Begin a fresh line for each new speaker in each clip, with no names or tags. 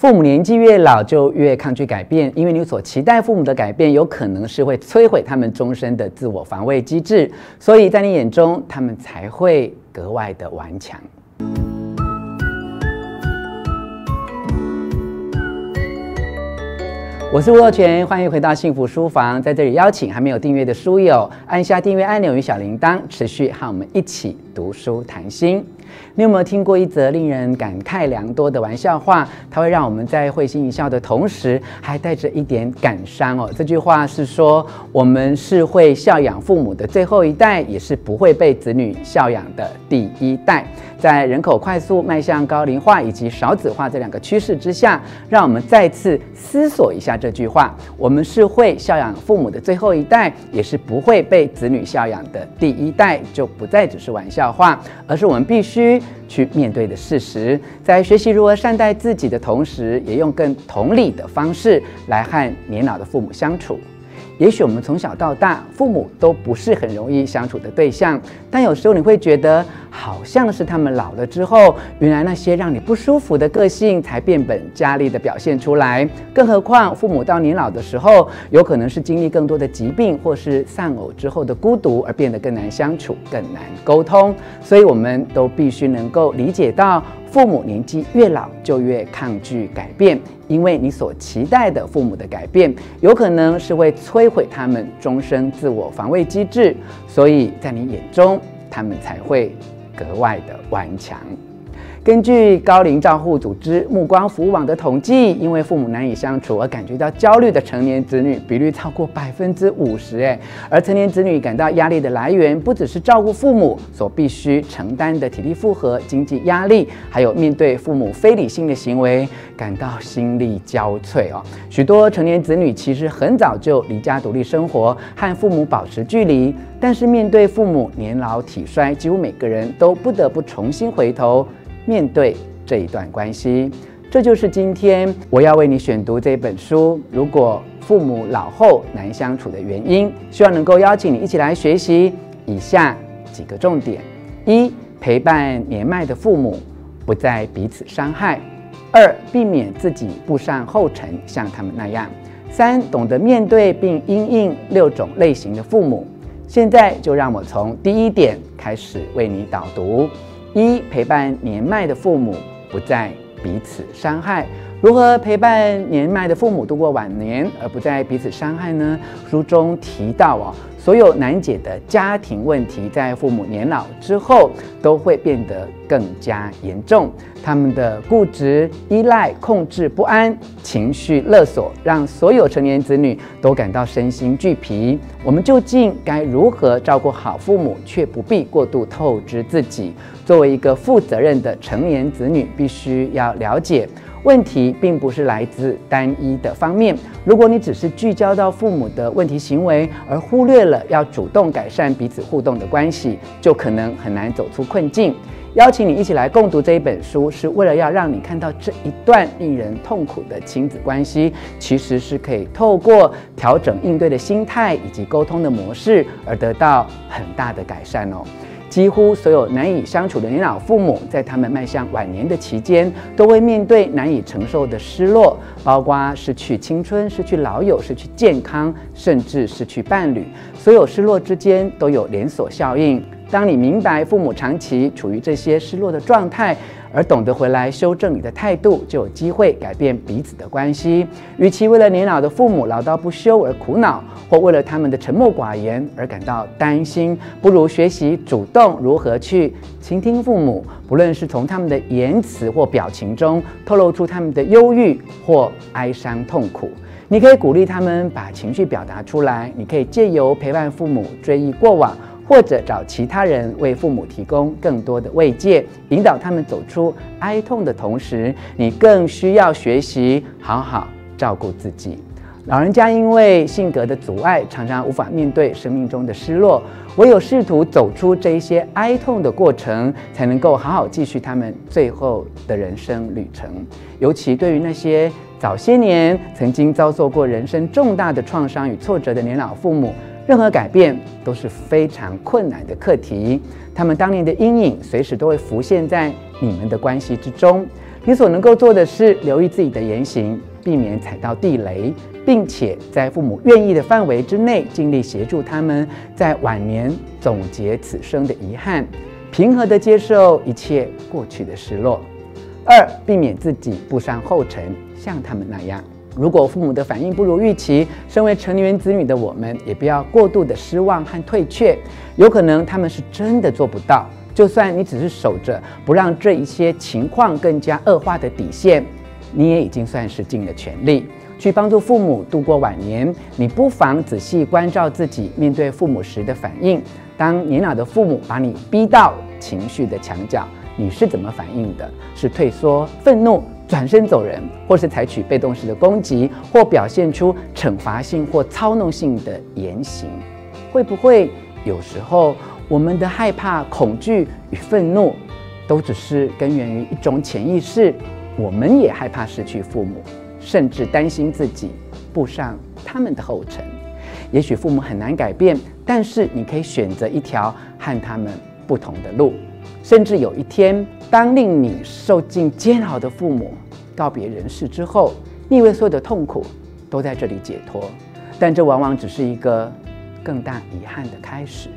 父母年紀越老，就越抗拒改變，因為你所期待父母的改變，有可能是會摧毀他們終身的自我防衛機制，所以在你眼中，他們才會格外的頑強。我是吳若權，歡迎回到幸福書房。在這裡邀請還沒有訂閱的書友，按下訂閱按鈕與小鈴鐺，持續和我們一起讀書談心。你有沒有聽過一則令人感慨良多的玩笑話？它會讓我們在會心一笑的同時，還帶着一點感傷哦。這句話是說，我們是會孝養父母的最後一代，也是不會被子女孝養的第一代。在人口快速邁向高齡化以及少子化這兩個趨勢之下，讓我們再次思索一下。這句話，我們是會孝養父母的最後一代，也是不會被子女孝養的第一代，就不再只是玩笑話，而是我們必須去面對的事實。在學習如何善待自己的同時，也用更同理的方式來和年老的父母相處。也許我們從小到大，父母都不是很容易相處的對象，但有時候你會覺得，好像是他們老了之後，原來那些讓你不舒服的個性才變本加厲的表現出來。更何況，父母到年老的時候，有可能是經歷更多的疾病或是喪偶之後的孤獨，而變得更難相處、更難溝通。所以，我們都必須能夠理解到。父母年紀越老，就越抗拒改變，因為你所期待的父母的改變，有可能是會摧毀他們終身自我防衛機制，所以在你眼中，他們才會格外的頑強。根據高齡照護組織目光服務網的統計，因為父母難以相處而感覺到焦慮的成年子女比率超過百分之五十。誒，而成年子女感到壓力的來源不只是照顧父母所必須承擔的體力負荷、經濟壓力，還有面對父母非理性的行為感到心力交瘁哦。許多成年子女其實很早就離家獨立生活，和父母保持距離，但是面對父母年老體衰，幾乎每個人都不得不重新回頭。面對這一段關係，這就是今天我要為你選讀這本書。如果父母老後難相處的原因，希望能夠邀請你一起來學習以下幾個重點：一、陪伴年邁的父母，不再彼此傷害；二、避免自己步上後塵，像他們那樣；三、懂得面對並因應六種類型的父母。現在就讓我從第一點開始為你導讀。一、陪伴年邁的父母，不再彼此傷害。如何陪伴年邁的父母度過晚年，而不再彼此傷害呢？書中提到啊、哦。所有難解的家庭問題，在父母年老之後都會變得更加嚴重。他們的固執、依賴、控制、不安、情緒勒索，讓所有成年子女都感到身心俱疲。我們究竟該如何照顧好父母，卻不必過度透支自己？作為一個負責任的成年子女，必須要了解。問題並不是來自單一的方面。如果你只是聚焦到父母的問題行為，而忽略了要主動改善彼此互動的關係，就可能很難走出困境。邀請你一起來共讀這一本書，是為了要讓你看到這一段令人痛苦的親子關係，其實是可以透過調整應對的心態以及溝通的模式，而得到很大的改善哦。幾乎所有難以相處的年老父母，在他們邁向晚年的期間，都會面對難以承受的失落，包括失去青春、失去老友、失去健康，甚至失去伴侶。所有失落之間都有連鎖效應。當你明白父母長期處於這些失落的狀態，而懂得回來修正你的態度，就有機會改變彼此的關係。與其為了年老的父母嘮叨不休而苦惱，或為了他們的沉默寡言而感到擔心，不如學習主動如何去傾聽父母。不論是從他們的言辭或表情中透露出他們的憂鬱或哀傷痛苦，你可以鼓勵他們把情緒表達出來。你可以借由陪伴父母追憶過往。或者找其他人為父母提供更多的慰藉，引導他們走出哀痛的同時，你更需要學習好好照顧自己。老人家因為性格的阻礙，常常無法面對生命中的失落，唯有試圖走出這一些哀痛的過程，才能夠好好繼續他們最後的人生旅程。尤其對於那些早些年曾經遭受過人生重大的創傷與挫折的年老父母。任何改變都是非常困難的課題，他們當年的陰影隨時都會浮現在你們的關係之中。你所能夠做的是，留意自己的言行，避免踩到地雷，並且在父母願意的範圍之內，盡力協助他們在晚年總結此生的遺憾，平和地接受一切過去的失落。二，避免自己步上後塵，像他們那樣。如果父母的反應不如預期，身為成年子女的我們，也不要過度的失望和退卻。有可能他們是真的做不到。就算你只是守着不讓這一些情況更加惡化的底線，你也已經算是盡了全力去幫助父母度過晚年。你不妨仔細關照自己面對父母時的反應。當年老的父母把你逼到情緒的牆角，你是怎麼反應的？是退縮、憤怒、轉身走人，或是採取被動式的攻擊，或表現出懲罰性或操弄性的言行。會不會有時候我們的害怕、恐懼與憤怒，都只是根源於一種潛意識？我們也害怕失去父母，甚至擔心自己步上他們的後塵。也許父母很難改變，但是你可以選擇一條和他們不同的路。甚至有一天，當令你受盡煎熬的父母告別人世之後，你以為所有的痛苦都在這裡解脫，但這往往只是一個更大遺憾的開始。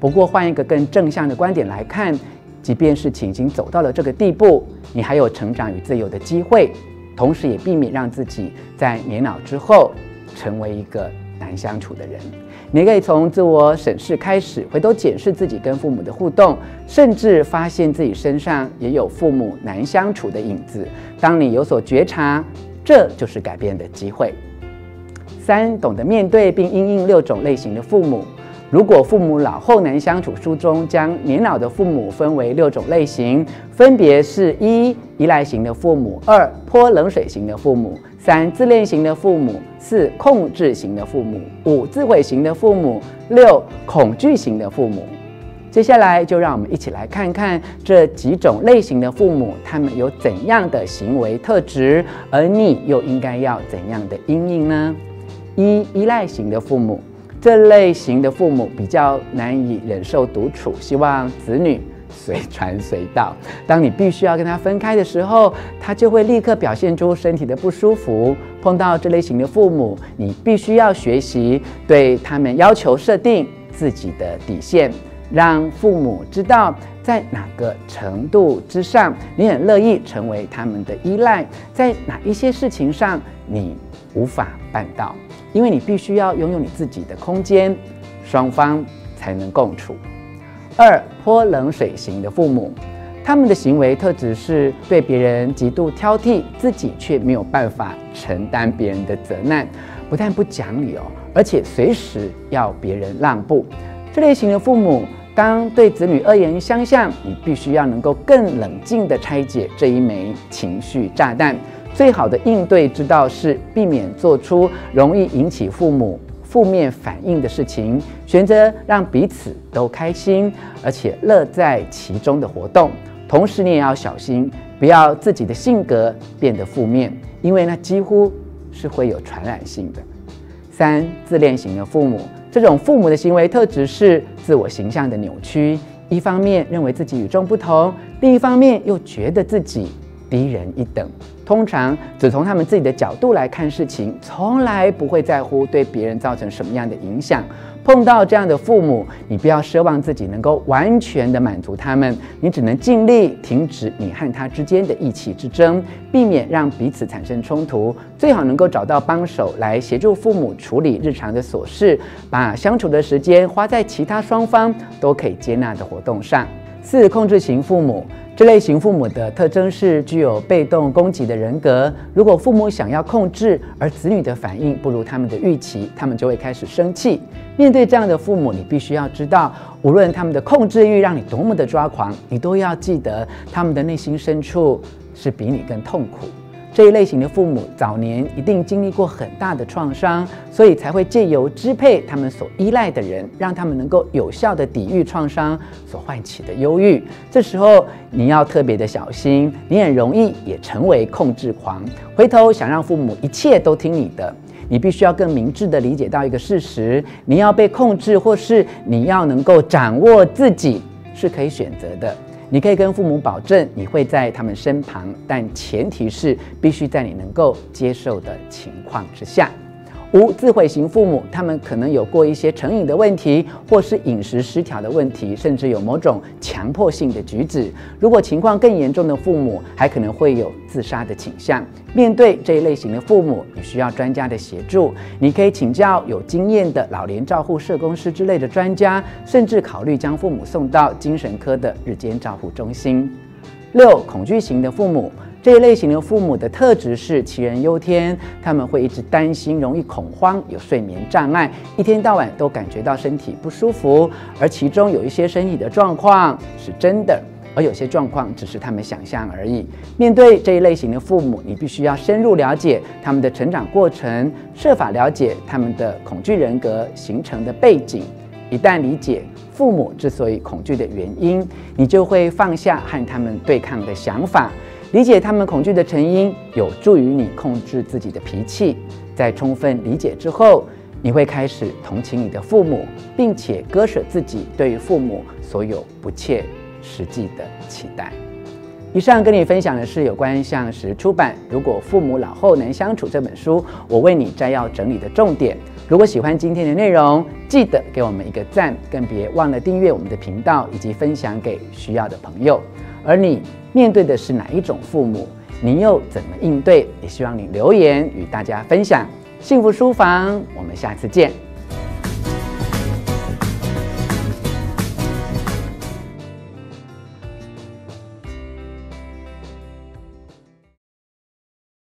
不過換一個更正向的觀點來看，即便是情形走到了這個地步，你還有成長與自由的機會，同時也避免讓自己在年老之後成為一個難相處的人，你可以從自我審視開始，回頭檢視自己跟父母的互動，甚至發現自己身上也有父母難相處的影子。當你有所覺察，這就是改變的機會。三，懂得面對並因應六種類型的父母。如果父母老後難相處，書中將年老的父母分為六種類型，分別是一依賴型的父母，二潑冷水型的父母，三自戀型的父母，四控制型的父母，五自毀型的父母，六恐懼型的父母。接下來就讓我們一起來看看這幾種類型的父母，他們有怎樣的行為特質，而你又應該要怎樣的因應呢？一依賴型的父母。這類型的父母比較難以忍受獨處，希望子女隨傳隨到。當你必須要跟他分開的時候，他就會立刻表現出身體的不舒服。碰到這類型的父母，你必須要學習對他們要求設定自己的底線，讓父母知道在哪個程度之上，你很樂意成為他們的依賴；在哪一些事情上，你無法辦到。因為你必須要擁有你自己的空間，雙方才能共處。二、潑冷水型的父母，他們的行為特質是對別人極度挑剔，自己卻沒有辦法承擔別人的責難，不但不講理哦，而且隨時要別人讓步。這類型的父母，當對子女惡言相向，你必須要能夠更冷靜地拆解這一枚情緒炸彈。最好的應對之道是避免做出容易引起父母負面反應的事情，選擇讓彼此都開心而且樂在其中的活動。同時，你也要小心，不要自己的性格變得負面，因為那幾乎是會有傳染性的。三、自戀型的父母，這種父母的行為特質是自我形象的扭曲，一方面認為自己與眾不同，另一方面又覺得自己，低人一等，通常只從他們自己的角度來看事情，從來不會在乎對別人造成什麼樣的影響。碰到這樣的父母，你不要奢望自己能夠完全的滿足他們，你只能盡力停止你和他之間的意氣之爭，避免讓彼此產生衝突。最好能夠找到幫手來協助父母處理日常的瑣事，把相處的時間花在其他雙方都可以接納的活動上。四控制型父母，這類型父母的特徵是具有被動攻擊的人格。如果父母想要控制，而子女的反應不如他們的預期，他們就會開始生氣。面對這樣的父母，你必須要知道，無論他們的控制欲讓你多麼的抓狂，你都要記得他們的內心深處是比你更痛苦。這一類型的父母早年一定經歷過很大的創傷，所以才會借由支配他們所依賴的人，讓他們能夠有效地抵禦創傷所喚起的憂鬱。這時候你要特別的小心，你很容易也成為控制狂，回頭想讓父母一切都聽你的。你必須要更明智地理解到一個事實：你要被控制，或是你要能夠掌握自己，是可以選擇的。你可以跟父母保證你會在他們身旁，但前提是必須在你能夠接受的情況之下。五自毀型父母，他們可能有過一些成癮的問題，或是飲食失調的問題，甚至有某種強迫性的舉止。如果情況更嚴重的父母，還可能會有自殺的傾向。面對這一類型的父母，你需要專家的協助。你可以請教有經驗的老年照護社工師之類的專家，甚至考慮將父母送到精神科的日間照護中心。六，恐懼型的父母。這一類型的父母的特質是杞人憂天，他們會一直擔心，容易恐慌，有睡眠障礙，一天到晚都感覺到身體不舒服。而其中有一些身體的狀況是真的，而有些狀況只是他們想象而已。面對這一類型的父母，你必須要深入了解他們的成長過程，設法了解他們的恐懼人格形成的背景。一旦理解父母之所以恐懼的原因，你就會放下和他們對抗的想法。理解他們恐懼的成因，有助於你控制自己的脾氣。在充分理解之後，你會開始同情你的父母，並且割捨自己對於父母所有不切實際的期待。以上跟你分享的是有關橡實出版《如果父母老後難相處》這本書，我為你摘要整理的重點。如果喜歡今天的內容，記得給我們一個讚，更別忘了訂閱我們的頻道以及分享給需要的朋友。而你面對的是哪一種父母？你又怎麼應對？也希望你留言與大家分享。幸福書房，我們下次見。